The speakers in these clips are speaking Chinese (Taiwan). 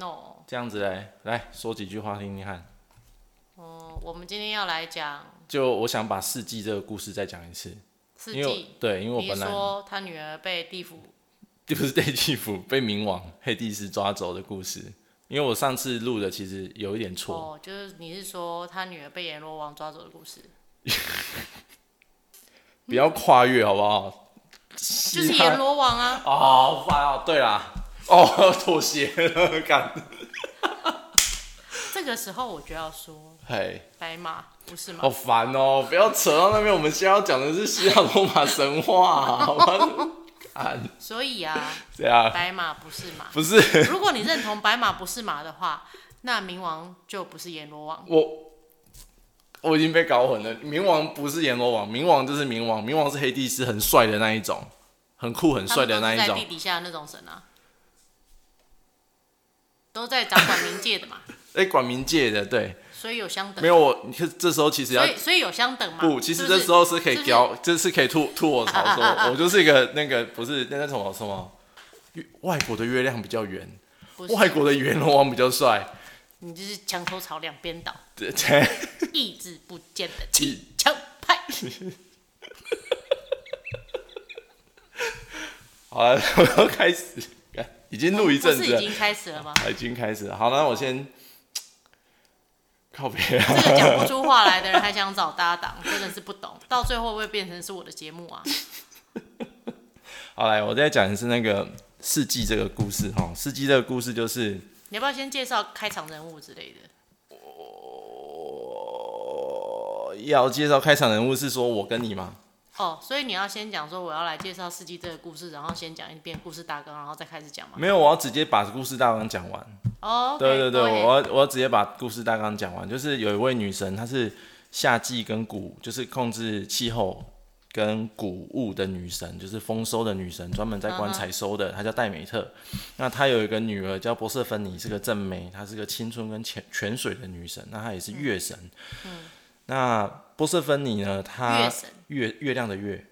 No 這樣子嘞，來說幾句話聽聽看。哦、呃，我們今天要來講，就我想把《四季這個故事再講一次。四季紀，對，因為我本來說他女兒被地府，就是在地府被冥王黑帝斯抓走的故事，因為我上次錄的其實有一點錯、哦。就是你是說他女兒被閻羅王抓走的故事？不要跨越好不好？嗯、南就是閻羅王啊！好煩哦！好哦哦對啦。哦，妥協了，幹。這個時候我就要說，嘿，白馬不是馬好煩哦、喔，不要扯到那邊。我們現在要講的是希臘羅馬神話、啊，好 要所以啊，啊樣，白馬不是馬，不是。如果你認同白馬不是馬的話，那冥王就不是閻羅王。我我已經被搞混了，冥王不是閻羅王，冥王就是冥王，冥王是黑帝斯，很帥的那一種，很酷很帥的那一種，在地底下的那種神啊。都在找管冥界的嘛。哎、 欸，管冥界的對，所以有相等。沒有我，你這這時候其實要所。所以有相等嘛？不，其實是是這時候是可以雕，是是這是可以吐吐我槽說，啊啊啊啊啊我就是一個那個不是那什麼什麼，外國的月亮比較圓，是外國的閻羅王比較帥。你就是牆頭草兩邊倒。意志 不堅的騎牆派。 好啦，我 要開始。已經錄一陣子了，嗯、是已經開始了嗎？已經開始好，那、嗯、我先靠別、啊。這個講不出話來的人還想找搭檔， 真的是不懂。到最後會不會變成是我的節目啊？好來，我再講的是那個四季這個故事哈。四季這個故事就是，你要不要先介紹開場人物之類的？我，要介紹開場人物是說我跟你嗎？哦，oh, 所以你要先講說我要來介紹四季這個故事，然後先講一遍故事大綱，然後再開始講嗎？沒有，我要直接把故事大綱講完。哦，oh, okay, 對對對，oh、yeah. 我要我要直接把故事大綱講完，就是有一位女神，她是夏季跟穀，就是控制氣候跟穀物的女神，就是豐收的女神，專門在管採收的，uh huh. 她叫黛美特。那她有一個女兒叫波瑟芬妮，是個正妹，她是個青春跟泉泉水的女神，那她也是月神。嗯、uh。Huh. 那波瑟芬妮呢？他月月月亮的月，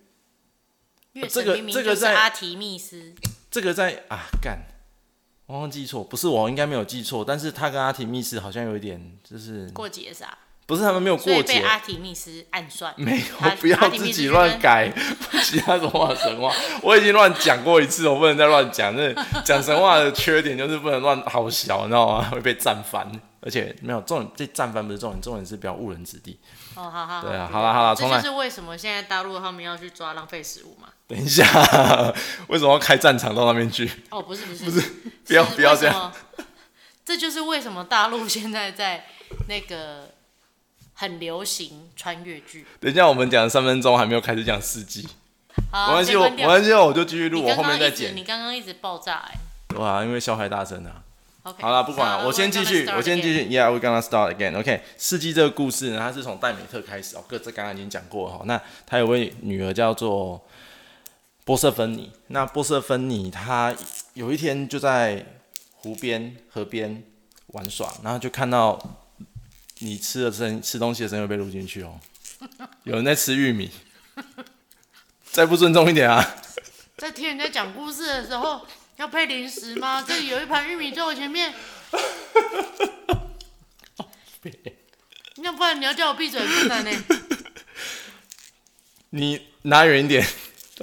月啊、這個這個在阿提密斯，這個在啊，干，我忘記錯，不是我,我應該沒有記錯，但是他跟阿提密斯好像有一點就是過節啥。不是他們沒有過節，所以被阿提密斯暗算。沒有，不要自己亂改其他的話神話。我已經亂講過一次，我不能再亂講。那講神話的缺點就是不能亂，好小，你知道嗎？會被戰翻，而且沒有重點。這戰翻不是重點，重點是比較誤人子弟。哦，好好。對啊，好了好了，這是為什麼現在大陸他們要去抓浪費食物嘛。等一下，為什麼要開戰場到那邊去？哦，不是不是不是，不要不要這樣。這就是為什麼大陸現在在那個。很流行穿越劇。等一下，我們講了三分鐘還沒有開始講四季。好啊、沒關係，關我沒關係，我就繼續錄，剛剛我後面再剪。你剛剛一直爆炸、欸，哇！因為小孩大聲的、啊。Okay, 好了，不管了，了我先繼續，我，我先繼續，again. 續，Yeah，we gonna start again。OK，四季這個故事呢，它是從黛美特開始哦，各自剛剛已經講過哈。那他有位女兒叫做波瑟芬妮。那波瑟芬妮她有一天就在湖邊、河邊玩耍，然後就看到。你吃的聲、吃東西的聲音被錄進去哦，有人在吃玉米，再不尊重一點啊！在聽人家講故事的時候要配零食嗎？這裡有一盤玉米在我前面，那不然你要叫我閉嘴困難呢？你拿遠一點，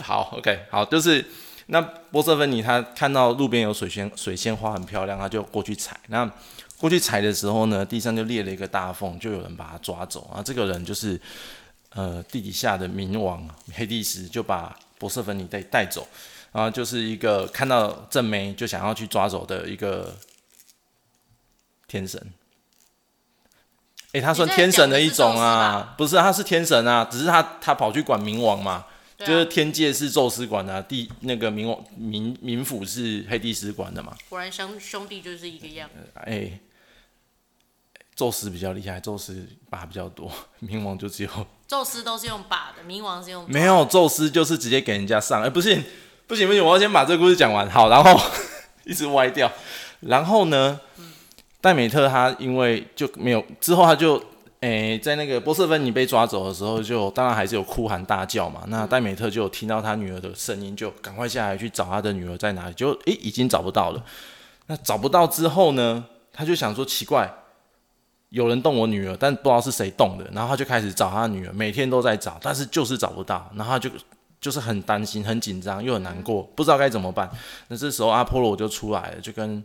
好，OK，好，就是那波瑟芬妮，她看到路邊有水仙、水仙花很漂亮，她就過去採那。過去踩的時候呢，地上就裂了一個大縫，就有人把他抓走啊。這個人就是呃地底下的冥王黑帝斯，就把波瑟芬妮帶帶走，然、啊、後就是一個看到正妹就想要去抓走的一個天神。哎，他算天神的一種啊，不是，他是天神啊，只是他他跑去管冥王嘛。啊、就是天界是宙斯管的、啊，地那個冥王冥冥府是黑帝斯管的嘛？果然兄兄弟就是一個樣子。哎、呃欸，宙斯比較厲害，宙斯把比較多，冥王就只有。宙斯都是用把的，冥王是用把的。沒有。宙斯就是直接給人家上，哎、欸，不行不行不行，我要先把這個故事講完，好，然後 一直歪掉，然後呢，嗯、黛美特他因為就沒有，之後他就。誒，在那個波瑟芬妮被抓走的時候就，就當然還是有哭喊大叫嘛。那戴美特就有聽到他女兒的聲音，就趕快下來去找他的女兒在哪裡。就誒，已經找不到了。那找不到之後呢，他就想說奇怪，有人動我女兒，但不知道是誰動的。然後他就開始找他女兒，每天都在找，但是就是找不到。然後他就就是很擔心、很緊張，又很難過，不知道該怎麼辦。那這時候阿波羅就出來了，就跟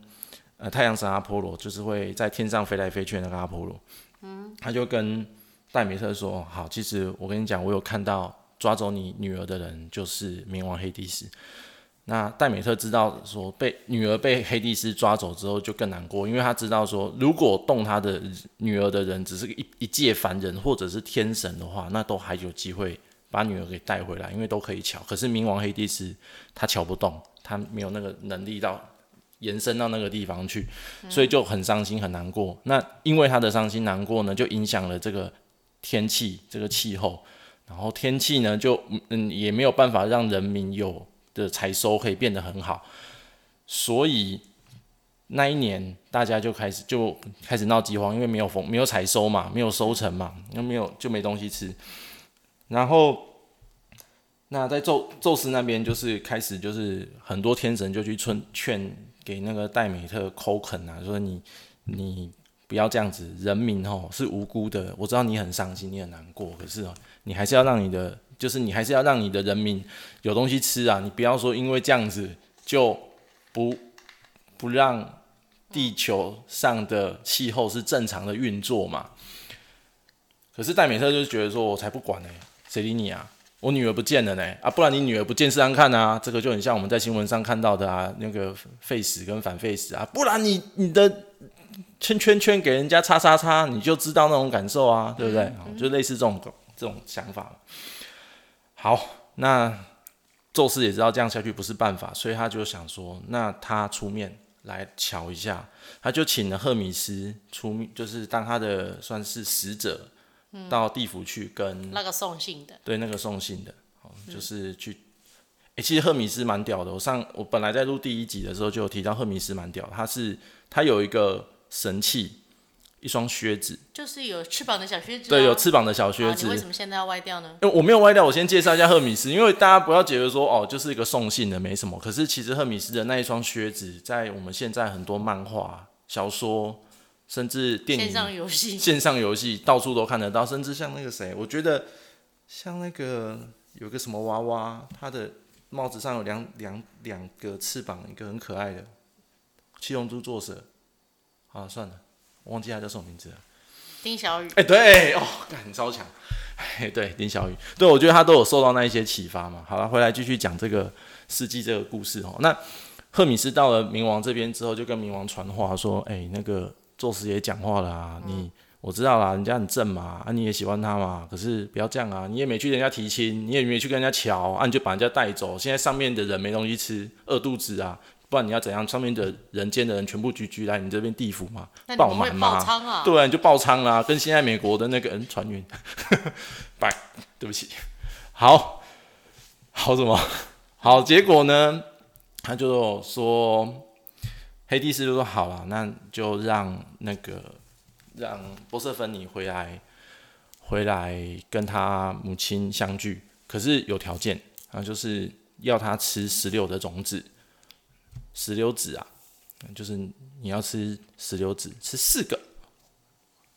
呃太陽神阿波羅，就是會在天上飛來飛去的那個阿波羅。嗯、他就跟戴美特說：“好，其實我跟你講，我有看到抓走你女兒的人就是冥王黑帝斯。”那戴美特知道說被，被女兒被黑帝斯抓走之後就更難過，因為他知道說，如果動他的女兒的人只是一一介凡人或者是天神的話，那都還有機會把女兒給帶回來，因為都可以搶。可是冥王黑帝斯他搶不動，他沒有那個能力到，延伸到那個地方去，所以就很傷心很難過。嗯、那因為他的傷心難過呢，就影響了這個天氣這個氣候，然後天氣呢就嗯也沒有辦法讓人民有的採收可以變得很好，所以那一年大家就開始就開始鬧饑荒，因為沒有風沒有採收嘛，沒有收成嘛，又沒有就沒東西吃。然後那在宙宙斯那邊就是開始就是很多天神就去勸勸。給那個黛美特摳啃啊，說你你不要這樣子，人民吼是無辜的。我知道你很傷心，你很難過，可是哦，你還是要讓你的，就是你還是要讓你的人民有東西吃啊。你不要說因為這樣子就不不讓地球上的氣候是正常的運作嘛。可是黛美特就覺得說，我才不管呢、欸，誰理你啊？我女兒不見了呢啊，不然你女兒不見是安看啊，這個就很像我們在新聞上看到的啊，那個廢死跟反廢死啊，不然你你的圈圈圈給人家叉叉叉，你就知道那種感受啊，對不對？嗯、就類似這種這種想法。好，那宙斯也知道這樣下去不是辦法，所以他就想說，那他出面來瞧一下，他就請了荷米斯出面，就是當他的算是使者。到地府去跟、嗯、那個送信的，對那個送信的，嗯、就是去。哎、欸，其實荷米斯蠻屌的。我上我本來在錄第一集的時候就有提到荷米斯蠻屌的，他是他有一個神器，一雙靴子，就是有翅膀的小靴子，啊，對，有翅膀的小靴子。啊，為什麼現在要歪掉呢？因為、欸、我沒有歪掉。我先介紹一下荷米斯，因為大家不要覺得說哦，就是一個送信的，沒什麼。可是其實荷米斯的那一雙靴子，在我們現在很多漫畫小說。甚至電影線上遊戲，線上遊戲到處都看得到。甚至像那個誰，我覺得像那個有個什麼娃娃，他的帽子上有兩兩兩個翅膀，一個很可愛的七龍珠作者。啊，算了，我忘記他叫什麼名字了。丁小雨。哎、欸，對哦，那、喔、很超強。哎、欸，對，丁小雨。對，我覺得他都有受到那一些啟發嘛。好了，回來繼續講這個世紀這個故事哦。那荷米斯到了冥王這邊之後，就跟冥王傳話說：“哎、欸，那個。”做事也講話了啊！你、嗯、我知道啦，人家很正嘛，啊你也喜歡他嘛，可是不要這樣啊！你也沒去人家提親，你也沒去跟人家瞧啊，你就把人家帶走。現在上面的人沒東西吃，餓肚子啊！不然你要怎樣？上面的人間的人全部聚聚來你這邊地府嘛？那你會爆倉啊？對啊，你就爆倉啦！跟現在美國的那個人、嗯、傳雲拜， 對不起，好好什麼好結果呢？他就說。黑帝斯就說：“好了，那就讓那個讓波瑟芬妮回來，回來跟他母親相聚。可是有條件啊，就是要他吃石榴的種子。石榴籽啊，就是你要吃石榴籽，吃四個。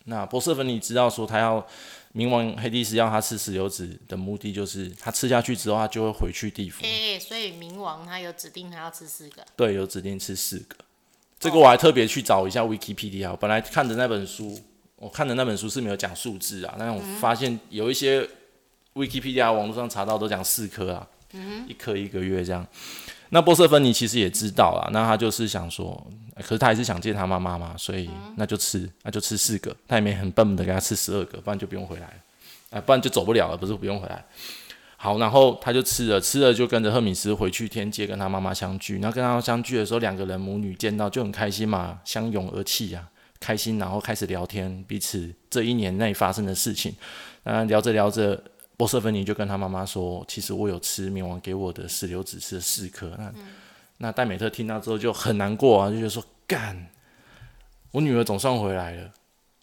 那波瑟芬妮知道說，他要冥王黑帝斯要他吃石榴籽的目的，就是他吃下去之後，他就會回去地府、欸。所以冥王他有指定他要吃四個，對，有指定吃四個。”這個我還特別去找一下 Wikipedia，我本來看的那本書，我看的那本書是沒有講數字啊，那我發現有一些 Wikipedia 網絡上查到都講四顆啊，嗯、哼一顆一個月這樣。那波瑟芬妮其實也知道啊，那他就是想說、哎，可是他還是想見他媽媽嘛，所以那就吃，那就吃四個，他也沒很笨的給他吃十二個，不然就不用回來了，哎，不然就走不了了，不是不用回來。好，然後他就吃了，吃了就跟着荷米斯回去天界跟他媽媽相聚。然後跟他相聚的時候，兩個人母女見到就很開心嘛，相擁而泣啊，開心。然後開始聊天，彼此這一年內發生的事情。那聊着聊着，波瑟芬妮就跟他媽媽說：“其實我有吃冥王給我的石榴籽，吃了四顆。”那、嗯、那黛美特聽到之後就很難過啊，就覺得說：“幹，我女兒總算回來了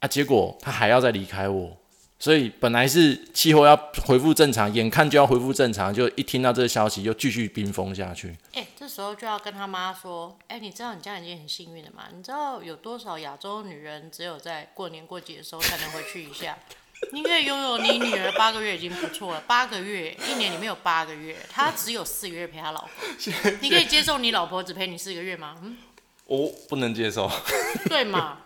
啊，結果她還要再離開我。”所以本來是氣候要恢復正常，眼看就要恢復正常，就一聽到這個消息就繼續冰封下去。哎、欸，這時候就要跟他媽說，哎、欸，你知道你家已經很幸運了嗎？你知道有多少亞洲女人只有在過年過節的時候才能回去一下？ 你可以擁有你女兒八個月已經不錯了，八個月，一年裡面有八個月，她只有四個月陪她老婆，謝謝，你可以接受你老婆只陪你四個月嗎？嗯，哦，不能接受。對嘛？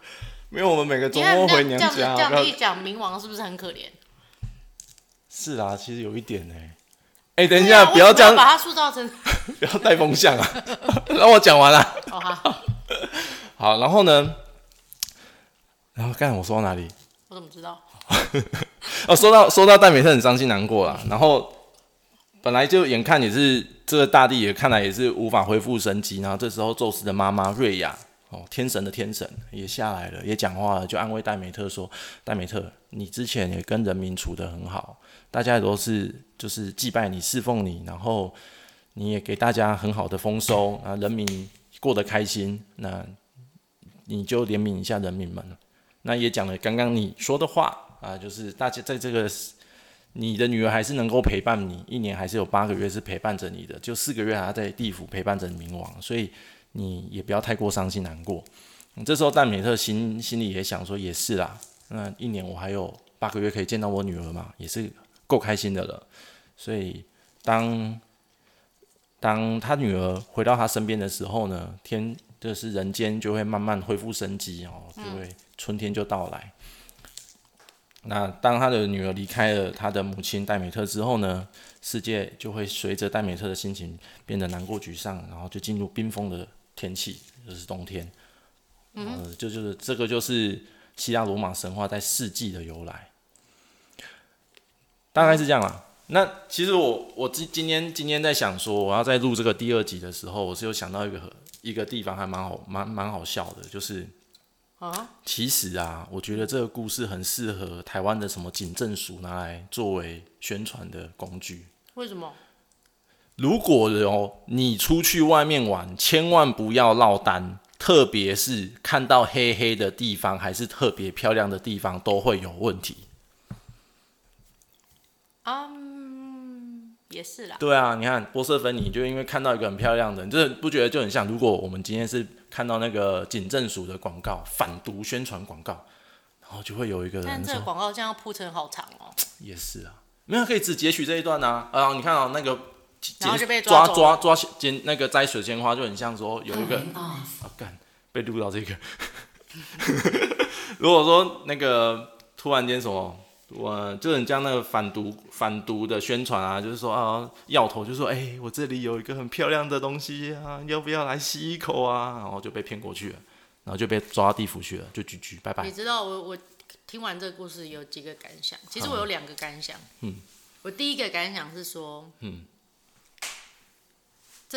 因為我們每個周末回娘家。要不要講冥王是不是很可憐？是啊,其實有一點呢。哎、欸，等一下，啊、不要這樣，把它塑造成。 不要帶風向啊！ 讓我講完了。好，好，好。然後呢？然後剛才我說到哪裡？我怎麼知道？ 哦，說到說到黛美特很傷心難過了，然後本來就眼看也是這個、大地也看來也是無法恢復生機，然後這時候宙斯的媽媽瑞雅。天神的天神也下來了，也講話了，就安慰黛美特說：“黛美特，你之前也跟人民處得很好，大家也都是就是祭拜你、侍奉你，然後你也給大家很好的豐收啊，人民過得開心，那你就憐憫一下人民們。那也講了剛剛你說的話啊，就是大家在這個你的女兒還是能夠陪伴你，一年還是有八個月是陪伴着你的，就四個月還在地府陪伴着冥王，所以。”你也不要太過傷心難過。這時候戴美特心心裡也想說，也是啊，那一年我還有八個月可以見到我女兒嘛，也是夠開心的了。所以當當她女兒回到她身邊的時候呢，天就是人間就會慢慢恢復生機哦，就會春天就到來。嗯。那當她的女兒離開了她的母親戴美特之後呢，世界就會隨着戴美特的心情變得難過沮喪，然後就進入冰封的。天氣就是冬天，嗯哼、呃，就就是這個就是希臘羅馬神話在四季的由來，大概是這樣啦。那其實我我今今天今天在想說，我要在錄這個第二集的時候，我是有想到一個一個地方還蠻好蠻蠻好笑的，就是啊，其實啊，我覺得這個故事很適合台灣的什麼警政署拿來作為宣傳的工具。為什麼？如果哦，你出去外面玩，千萬不要落單，特別是看到黑黑的地方，還是特別漂亮的地方，都會有問題。嗯，um, 也是啦。對啊，你看波瑟芬妮，就因為看到一個很漂亮的，你就是不覺得就很像？如果我們今天是看到那個警政署的廣告，反毒宣傳廣告，然後就會有一個人。但這個廣告這樣鋪陳好長哦。也是啊，沒有可以只截取這一段呢、啊。啊，你看啊、哦，那個。然後就被抓抓抓，撿那個摘水仙花就很像說有一個、嗯、啊、幹、啊、被錄到這個。 如果說那個突然間什麼，我就很像那個反毒反毒的宣傳啊，就是說啊，藥頭就說，哎、欸，我這裡有一個很漂亮的東西啊，要不要來吸一口啊？然後就被騙過去了，然後就被抓到地府去了，就 GG 拜拜。你知道我我聽完這個故事有幾個感想？其實我有兩個感想。嗯，我第一個感想是說，嗯。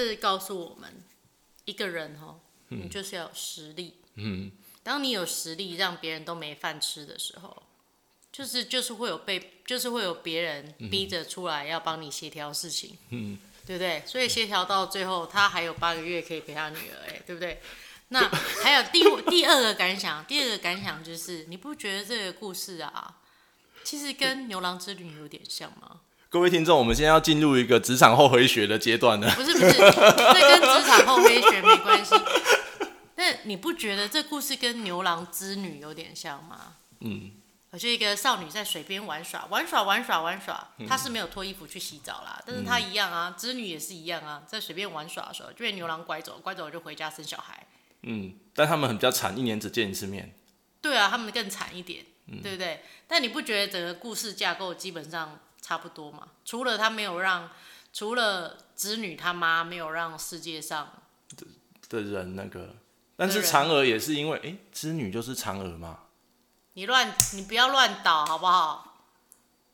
是告訴我們，一個人哦，你就是要有實力。嗯嗯、當你有實力讓別人都沒飯吃的時候，就是就是會有被，就是會有別人逼着出來要幫你協調事情。嗯嗯、對不對？所以協調到最後，他還有八個月可以陪他女兒、欸，對不對？那還有第第二個感想， 第二個感想就是，你不覺得這個故事啊，其實跟牛郎織女有點像嗎？各位聽眾，我們現在要進入一個職場後回血的階段呢。不是不是，這跟職場後回血沒關係。 但你不覺得這故事跟牛郎織女有點像嗎？嗯，就一個少女在水邊玩耍，玩耍玩耍玩耍，她是沒有脫衣服去洗澡啦，嗯、但是她一樣啊，織女也是一樣啊，在水邊玩耍的時候就被、嗯、牛郎拐走，拐走我就回家生小孩。嗯，但他們很比較慘，一年只見一次面。對啊，他們更慘一點，嗯、對不對？但你不覺得整個故事架構基本上？差不多嘛，除了他沒有讓，除了織女他媽沒有讓世界上的的人那個，但是嫦娥也是因為，哎、欸，織女就是嫦娥嘛。你亂，你不要亂倒好不好？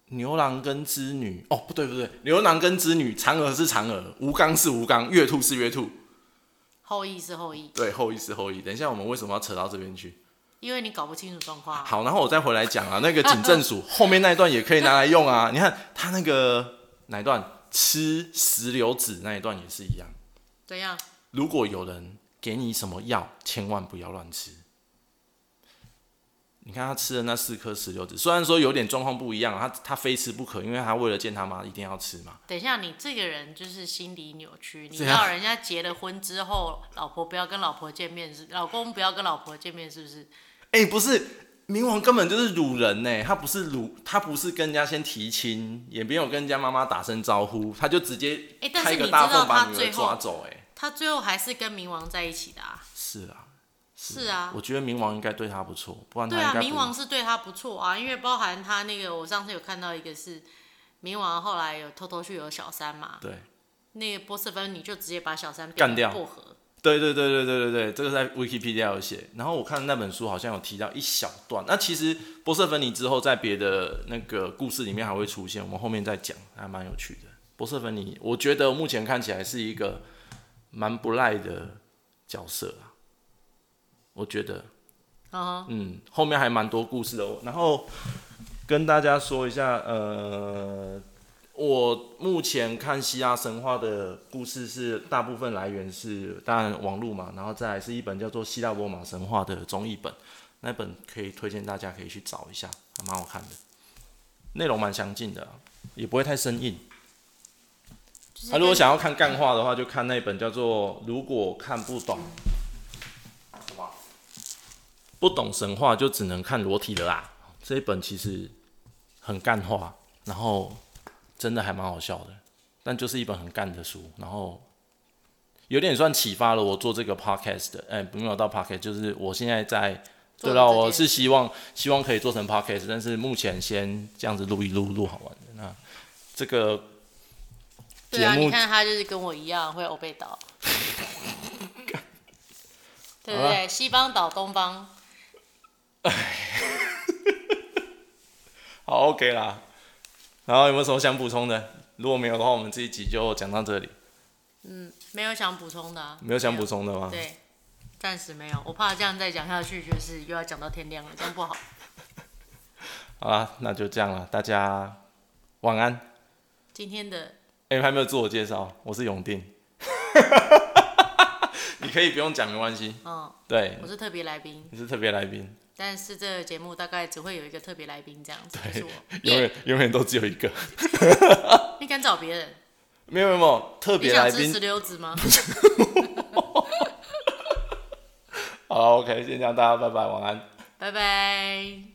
牛郎跟織女，哦，不對不對，牛郎跟織女，嫦娥是嫦娥，吳剛是吳剛，月兔是月兔，後羿是後羿，對，後羿是後羿。等一下，我們為什麼要扯到這邊去？因為你搞不清楚狀況、啊。好，然後我再回來講啊，那個警政署後面那一段也可以拿來用啊。 你看他那個哪一段吃石榴籽那一段也是一樣。怎樣？如果有人給你什麼藥，千萬不要亂吃。你看他吃的那四顆石榴籽，雖然說有點狀況不一樣、啊，他他非吃不可，因為他為了見他媽一定要吃嘛。等一下，你這個人就是心理扭曲，你知道人家結了婚之後，怎樣？老婆不要跟老婆見面是，老公不要跟老婆見面是不是？哎，欸、不是冥王，根本就是擄人呢、欸，他不是擄，他不是跟人家先提親，也沒有跟人家媽媽打聲招呼，他就直接開個大縫把女兒抓走哎、欸欸。他最後還是跟冥王在一起的啊。是啊，是啊，是啊，我覺得冥王應該對他不錯，不然他應該不對啊，冥王是對他不錯啊，因為包含他那個，我上次有看到一個是冥王後來有偷偷去有小三嘛，對，那個波瑟芬妮就直接把小三幹掉薄荷。對對對對對對對，這個在 Wikipedia 有寫。然後我看那本書好像有提到一小段。那其實波瑟芬妮之後在別的那個故事裡面還會出現，我們後面再講，還蠻有趣的。波瑟芬妮，我覺得我目前看起來是一個蠻不賴的角色啊，我覺得。Uh huh. 嗯，後面還蠻多故事的。然後跟大家說一下，呃。我目前看希臘神話的故事是大部分來源是當然網絡嘛，然後再來是一本叫做《希臘羅馬神話》的中譯本，那本可以推薦大家可以去找一下，蠻好看的，內容蠻相近的，也不會太生硬啊。他如果想要看幹話的話，就看那本叫做《如果看不懂》，不懂神話就只能看裸體的啦。這一本其實很幹話，然後。真的還蠻好笑的，但就是一本很幹的書，然後有點算啟發了我做這個 podcast 的。哎、欸，不沒有到 podcast，就是我現在在，對了，我是希望希望可以做成 podcast，但是目前先這樣子錄一錄，錄好玩的。那這個節目對、啊，你看他就是跟我一樣會歐北島，對不對？西方島 東方，哎， 好 OK 啦。然後有沒有什麼想補充的？如果沒有的話，我們這一集就講到這裡。嗯，沒有想補充的、啊。沒有想補充的嗎？對，暫時沒有。我怕這樣再講下去，就是又要講到天亮了，這樣不好。好了，那就這樣了，大家晚安。今天的哎、欸，還沒有自我介紹，我是永定。 你可以不用講，沒關係。嗯。對，我是特別來賓。你是特別來賓。但是這個節目大概只會有一個特別來賓這樣子，對，永遠遠 Yeah! 永遠都只有一個。 你敢找別人？沒有沒有，特別來賓。你想吃石榴籽嗎？ 好，OK，先這樣，大家，拜拜，晚安。拜拜。